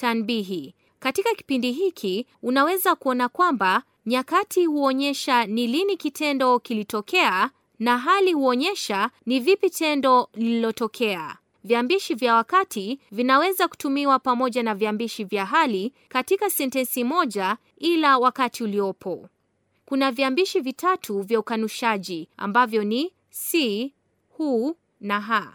Tanbihi. Katika kipindi hiki unaweza kuona kwamba nyakati huonyesha ni lini kitendo kilitokea na hali huonyesha ni vipi tendo lililotokea. Viambishi vya wakati vinaweza kutumiwa pamoja na viambishi vya hali katika sentensi moja, ila wakati uliopo. Kuna viambishi vitatu vya ukanushaji ambavyo ni si, hu na ha.